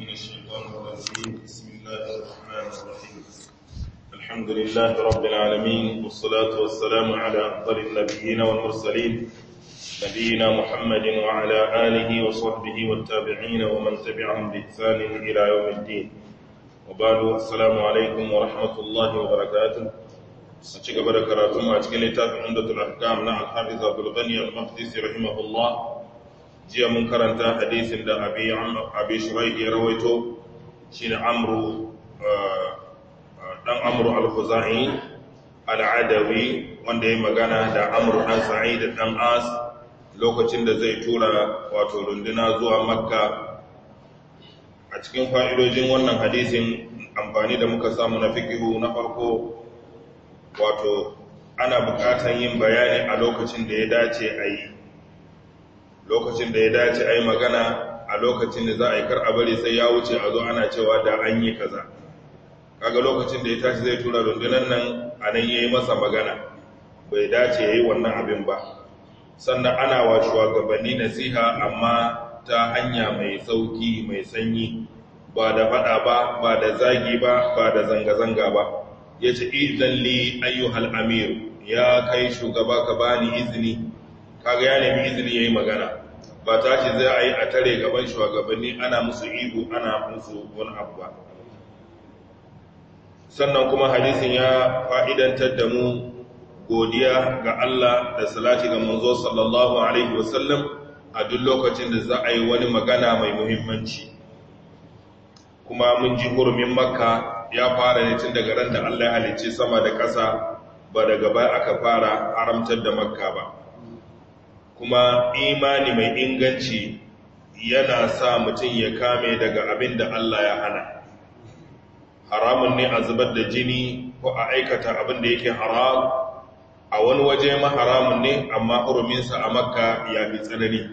من الشيطان الرجيم بسم الله الرحمن الرحيم الحمد لله رب العالمين والصلاة والسلام على أفضل النبيين والمرسلين نبينا محمد وعلى آله وصحبه والتابعين ومن تبعهم بإحسان إلى يوم الدين وبعد السلام عليكم ورحمة الله وبركاته أشكر بركاته أشكر لتابع عمدة الأحكام نعم الحافظ أبو الغني المقدسي رحمه الله jiya mun karanta hadisin da abi shuraihi ya rawaito shi ne amru uh, uh, dan amru al-khuzai al-adawi wanda ya magana da amru dan sa'id dan as lokacin da zai tura wato runduna zuwa makka a cikin fa'idojin wannan hadisin amfani da muka samu na fikihu na farko wato ana bukatan yin bayani a lokacin da ya dace a yi lokacin da ya dace a magana a lokacin da za a yi kar a bari sai ya wuce a zo ana cewa da an yi kaza kaga lokacin da ya tashi zai tura rundunar nan a nan ya yi masa magana bai dace ya yi wannan abin ba sannan ana wa shugabanni nasiha amma ta hanya mai sauki mai sanyi ba da faɗa ba ba da zagi ba ba da zanga-zanga ba ya ce izan li ayyuhal amir ya kai shugaba ka bani izini kaga ya nemi izini yayi magana ba ta ce za a yi a tare gaban shugabanni ana musu ihu ana musu wani abu ba sannan kuma hadisin ya fa'idantar da mu godiya ga Allah da salati ga manzo sallallahu alaihi wasallam a duk lokacin da za a yi wani magana mai muhimmanci kuma mun ji hurumin makka ya fara ne tun daga ran da Allah ya halicce sama da ƙasa ba daga bai aka fara haramtar da makka ba kuma imani mai inganci yana sa mutum ya kame daga abin da Allah ya hana haramun ne a zubar da jini ko a aikata abin da yake haram a wani waje ma haramun ne amma huruminsa a makka ya fi tsanani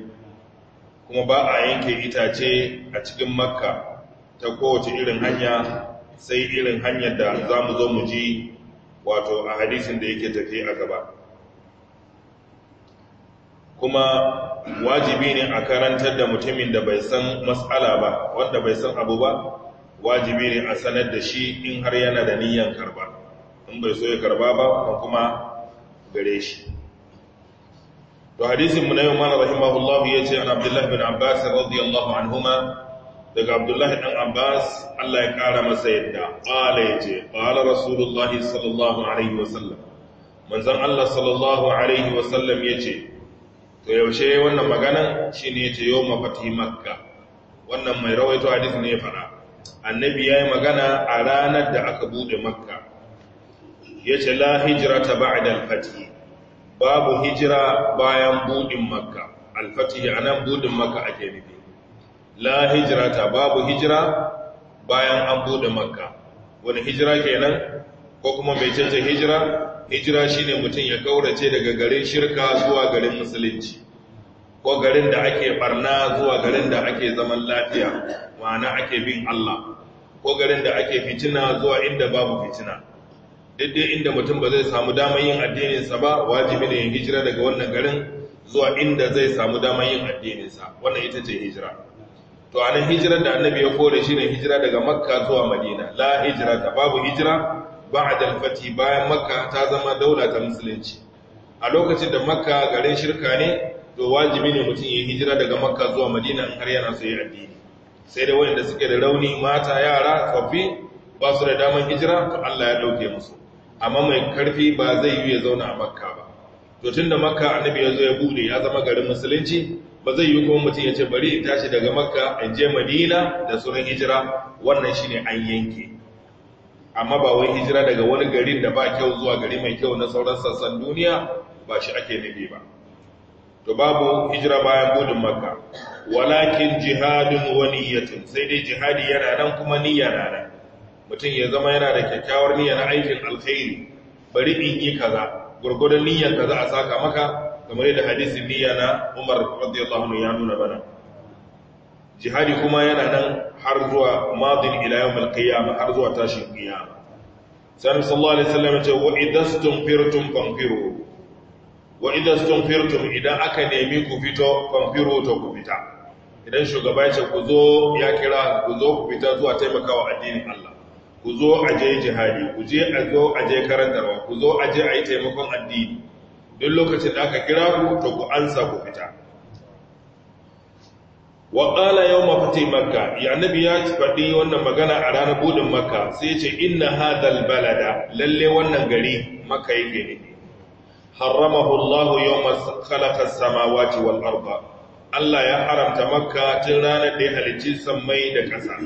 kuma ba a yanke itace a cikin makka ta kowace irin hanya sai irin hanyar da za mu zo mu ji wato a hadisin da yake tafi a gaba kuma wajibi ne a karantar da mutumin da bai san matsala ba wanda bai san abu ba wajibi ne a sanar da shi in har yana da niyan karba in bai so ya karba ba kuma gare shi to hadisin mu na yau mana rahimahullah ya ce an abdullahi bin abbas radiyallahu anhuma daga abdullahi dan abbas Allah ya kara masa yadda qala ya ce qala rasulullahi sallallahu alaihi wasallam manzon Allah sallallahu alaihi wasallam ya ce to yaushe wannan magana shine yace yawma fatih makka wannan mai rawaito hadith ne ya fara annabi yi magana a ranar da aka bude makka yace la hijrata ba'da al-fatih babu hijira bayan budin makka al-fatih anan budin makka ake nufi la hijrata babu hijira bayan an bude makka wani hijira kenan ko kuma mai canza hijira hijira shine mutum ya kaurace daga garin shirka zuwa garin musulunci ko garin da ake barna zuwa garin da ake zaman lafiya ma'ana ake bin Allah ko garin da ake fitina zuwa inda babu fitina daidai inda mutum ba zai samu damar yin addininsa ba wajibi ne ya hijira daga wannan garin zuwa inda zai samu damar yin addininsa wannan ita ce hijira to anan hijirar da annabi ya kore ne hijira daga makka zuwa madina la hijira ta babu hijira ba'ad al-fati bayan makka ta zama daula ta musulunci a lokacin da makka garin shirka ne to wajibi ne mutum ya hijira daga makka zuwa madina in har yana so ya addini sai da wanda suke da rauni mata yara tsoffi ba su da daman hijira to Allah ya dauke musu amma mai karfi ba zai yi ya zauna a makka ba to tunda makka annabi ya zo ya bude ya zama garin musulunci ba zai yi kuma mutum ya ce bari in tashi daga makka in je madina da sunan hijira wannan shine an yanke amma ba wai hijira daga wani garin da ba kyau zuwa gari mai kyau na sauran sassan duniya ba shi ake nufi ba to babu hijira bayan gudun makka walakin jihadun wa niyyatun sai dai jihadi yana nan kuma niyya na nan mutum ya zama yana da kyakkyawar niyya na aikin alkhairi bari in yi kaza gurgurdan niyyar kaza a saka maka kamar yadda hadisin niyya na Umar radiyallahu anhu ya nuna bana jihadi kuma yana nan har zuwa madin ilayen yawmal har zuwa tashin qiyama sanin sallallahu alaihi wasallam ya ce wa sun firtum fanfiru wa sun firtum idan aka nemi ku fito fanfiru to ku fita idan shugaba ya ce ku zo ya kira ku zo ku fita zuwa taimakawa addinin Allah ku zo a je jihadi ku je a zo a je karantarwa ku zo a je a yi taimakon addini duk lokacin da aka kira ku to ku ansa ku fita wa qala yawma fati makka ya nabi ya faɗi wannan magana a ranar budin makka sai ya ce inna hadhal balada lalle wannan gari makka yake ne haramahu Allah yawma khalaqa samawati wal arda Allah ya haramta makka tun ranar da ya halicci sammai da ƙasa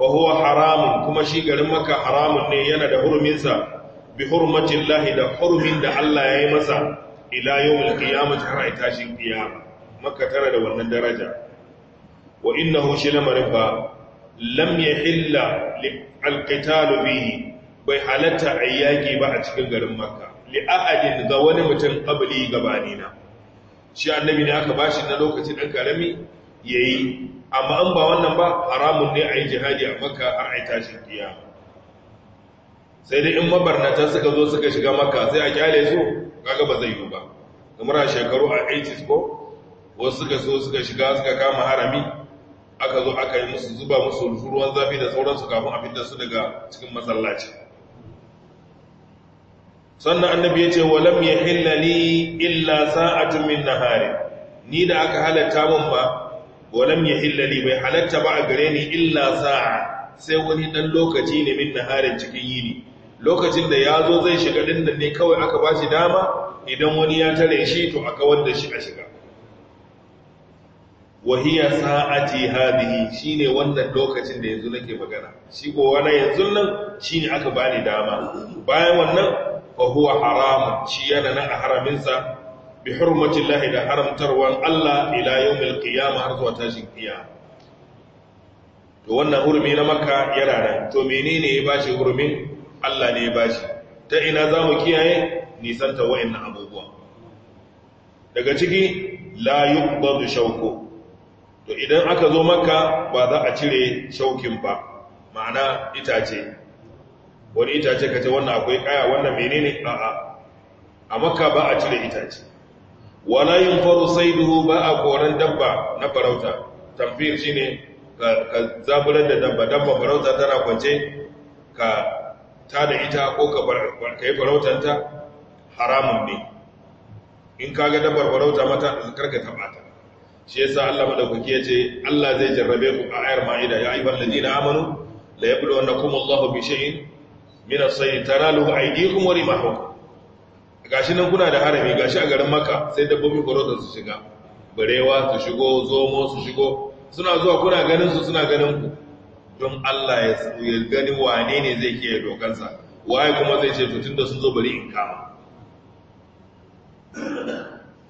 fa huwa haramun kuma shi garin makka haramun ne yana da huruminsa bi hurmatillahi da hurumin da Allah ya yi masa ila yawmil qiyamati har a tashin qiyama makka tana da wannan daraja wa innahu shi lamarin ba lam yahilla alqitalu bihi bai halatta ayyaki ba a cikin garin makka li ahadin ga wani mutum qabli gabanina shi annabi ne aka bashi na lokacin dan karami yayi amma an ba wannan ba haramun ne a yi jihadi a makka a a tashin kiyama sai dai in mabarnata suka zo suka shiga makka sai a kyale su kaga ba zai yi ba kamar a shekaru a 80 ko wasu suka so suka shiga suka kama harami aka zo aka yi musu zuba musu ruwan zafi da sauransu kafin a fitar su daga cikin masallaci sannan annabi ya ce walam ya hillali illa sa'atun min nahari ni da aka halatta mun ba walam ya hillali bai halatta ba a gare ni illa sa'a sai wani dan lokaci ne min naharin cikin yini lokacin da ya zo zai shiga din ne kawai aka ba shi dama idan wani ya tare shi to aka wanda shi a shiga wahiya sa'ati hadhihi shine wannan lokacin da yanzu nake magana shi ko wala yanzu nan shine aka bani dama bayan wannan fa huwa haram shi yana nan a haramin sa bi llahi da haramtarwan Allah ila yawmil qiyama har zuwa tashin qiyama to wannan hurmi na makka yana nan to menene ya bashi hurmin Allah ne ya bashi ta ina zamu kiyaye nisanta wa'annan abubuwa daga ciki la yuqbadu shawku to idan aka zo makka ba za a cire shaukin ba ma'ana itace wani itace kace wannan akwai kaya wannan menene a'a a makka ba a cire itace wala yunfaru saiduhu ba a koran dabba na farauta tamfir shine ka, zaburar da dabba dabba farauta tana kwance ka tada ita ko ka bar kai farautanta haramun ne in kaga dabbar farauta mata karka taɓa ta shi yasa Allah madaukaki ya ce Allah zai jarrabe ku a ayar ma'ida ya ayyuhal ladina amanu la annakum Allahu bi shay'in min as-sayyi taralu aydikum wa rimahukum gashi nan kuna da harami gashi a garin Makka sai dabbobi korota su shiga barewa su shigo zomo su shigo suna zuwa kuna ganin su suna ganin ku don Allah ya gani wane ne zai kiyaye dokansa waye kuma zai ce to tunda sun zo bari in kama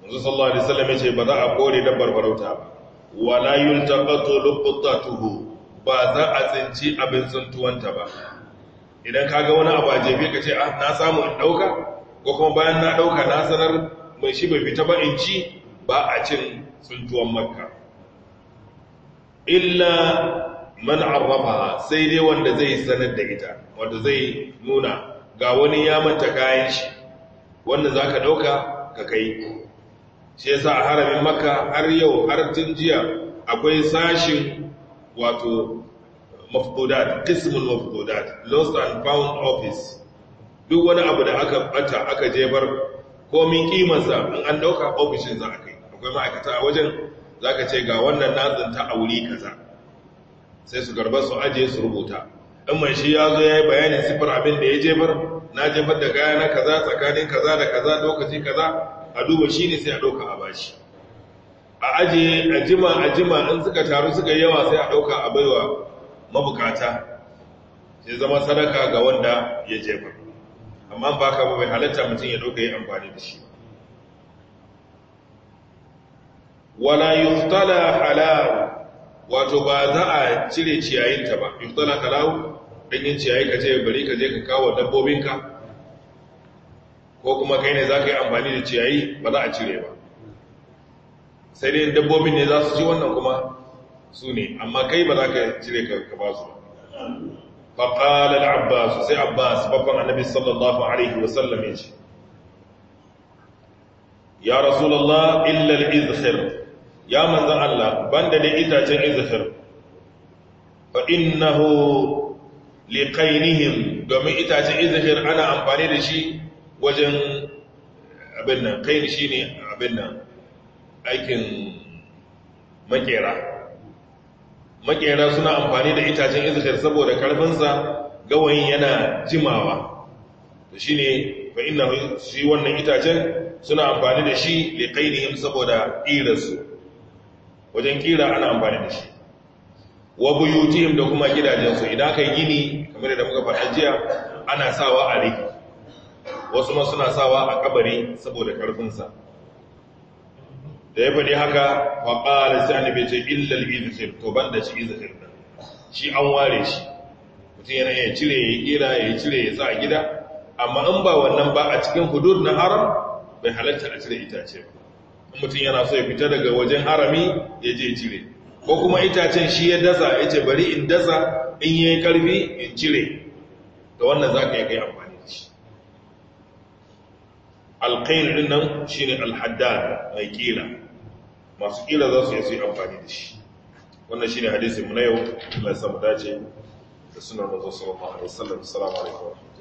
manzo sallallahu alaihi wasallam yace ba za a kore dabbar barauta ba Wa wala yuntaqatu luqtatuhu ba za a tsinci abin tsuntuwanta ba idan ka ga wani abu a jebe ka ce ah na samu in dauka ko kuma bayan na ɗauka na sanar mai shi bai fita ba in ci ba a cin tsuntuwan makka illa man arrafaha sai dai wanda zai sanar da ita wanda zai nuna ga wani ya manta kayan shi wanda zaka ɗauka, ka kai shi yasa a haramin maka har yau har tun jiya akwai sashin wato mafdudat qismul mafdudat lost and found office duk wani abu da aka bata aka jebar komin kimansa in an dauka ofishin za a kai akwai ma'aikata a wajen Za ka ce ga wannan nazin ta auri kaza sai su garba su aje su rubuta in mai shi ya zo ya yi bayanin sifar abin da ya jebar na jefar da gaya na kaza tsakanin kaza da kaza lokaci kaza a duba shi ne sai a ɗauka a bashi a ajiye a jima a jima in suka taru suka yawa sai a ɗauka a baiwa mabukata sai zama sadaka ga wanda ya jefa amma ba ka ba mai halatta mutum ya ɗauka yi amfani da shi wala yuftala halawu wato ba za a cire ciyayinta ba yuftala halawu ɗanyen ciyayi ka ce bari ka je ka kawo dabbobinka ko kuma kai ne za ka yi amfani da ciyayi ba za a cire ba sai dai dabbobin ne za su ci wannan kuma su ne amma kai ba za ka cire ka ba su ba faƙalar abbas sai abbas babban annabi sallallahu alaihi wasallam ya ce ya rasulallah illal izhir ya manzan Allah banda da itacen izhir fa innahu liqainihim domin itacen izhir ana amfani da shi wajen abin nan kai shi ne abin nan aikin makera makera suna amfani da itacen izikar saboda karfinsa gawayin yana jimawa da shi ne fa inna shi wannan itacen suna amfani da shi liqainihim saboda ƙirarsu wajen ƙira ana amfani da shi wa buyutihim da kuma gidajensu idan aka yi gini kamar da muka faɗa jiya ana sawa a riki wasu ma suna sawa a kabari saboda karfinsa da ya faɗi haka faƙala sai annabi ce illal izhir to banda shi izhir da shi an ware shi mutum yana ya cire ya kira ya cire ya sa a gida amma in ba wannan ba a cikin hudud na haram bai halatta a cire itace ba mutum yana so ya fita daga wajen harami ya je cire ko kuma itacen shi ya dasa ya ce bari in dasa in yi karfi in cire da wannan za ka yi kai amfani alƙail ɗin nan shi ne alhaddad mai ƙila masu ƙila za su yi su amfani da shi wannan shi ne hadisin mu na yau Allah ya samu dace da sunan manzo sallallahu alaihi wasallam assalamu alaikum